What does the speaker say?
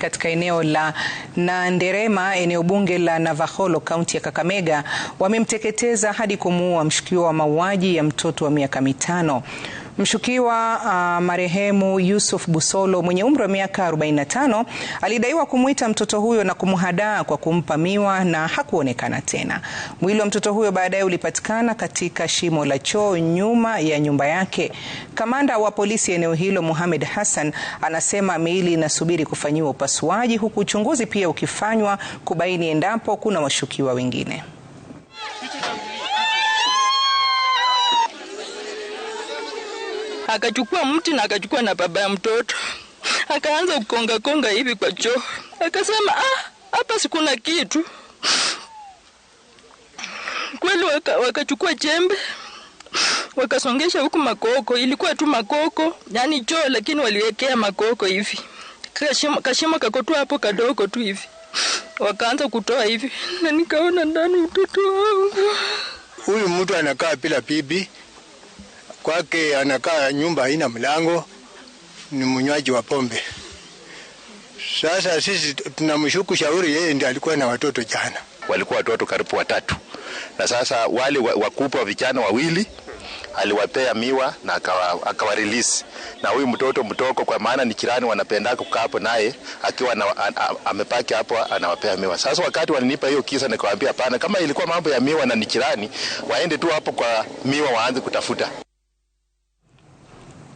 Katika eneo la Nanderema, eneo bunge la Navaholo, kaunti ya Kakamega, wamemteketeza hadi kumuua mshukiwa wa mauaji ya mtoto wa miaka mitano. Mshukiwa uh, marehemu Yusuf Busolo mwenye umri wa miaka 45 alidaiwa kumwita mtoto huyo na kumhadaa kwa kumpa miwa na hakuonekana tena. Mwili wa mtoto huyo baadaye ulipatikana katika shimo la choo nyuma ya nyumba yake. Kamanda wa polisi eneo hilo Mohamed Hassan anasema miili inasubiri kufanyiwa upasuaji huku uchunguzi pia ukifanywa kubaini endapo kuna washukiwa wengine. akachukua mti na akachukua na baba ya mtoto, akaanza kukonga konga hivi kwa choo, akasema ah, hapa sikuna kitu kweli. Wakachukua waka chembe wakasongesha huku makoko, ilikuwa tu makoko, yani choo, lakini waliwekea makoko hivi, kashima, kashima hapo kadogo tu hivi, wakaanza kutoa hivi, na nikaona ndani mtoto wangu huyu. Mtu anakaa bila bibi kwake anakaa nyumba haina mlango, ni mnywaji wa pombe. Sasa sisi tunamshuku shauri, yeye ndiye alikuwa na watoto jana, walikuwa watoto karibu watatu, na sasa wale wakubwa vijana wawili aliwapea miwa na akawa, release na huyu mtoto mtoko, kwa maana ni jirani, wanapenda kukaa hapo naye akiwa na, amepaki hapo anawapea miwa. Sasa wakati walinipa hiyo kisa, nikawaambia hapana, kama ilikuwa mambo ya miwa na ni jirani, waende tu hapo kwa miwa waanze kutafuta.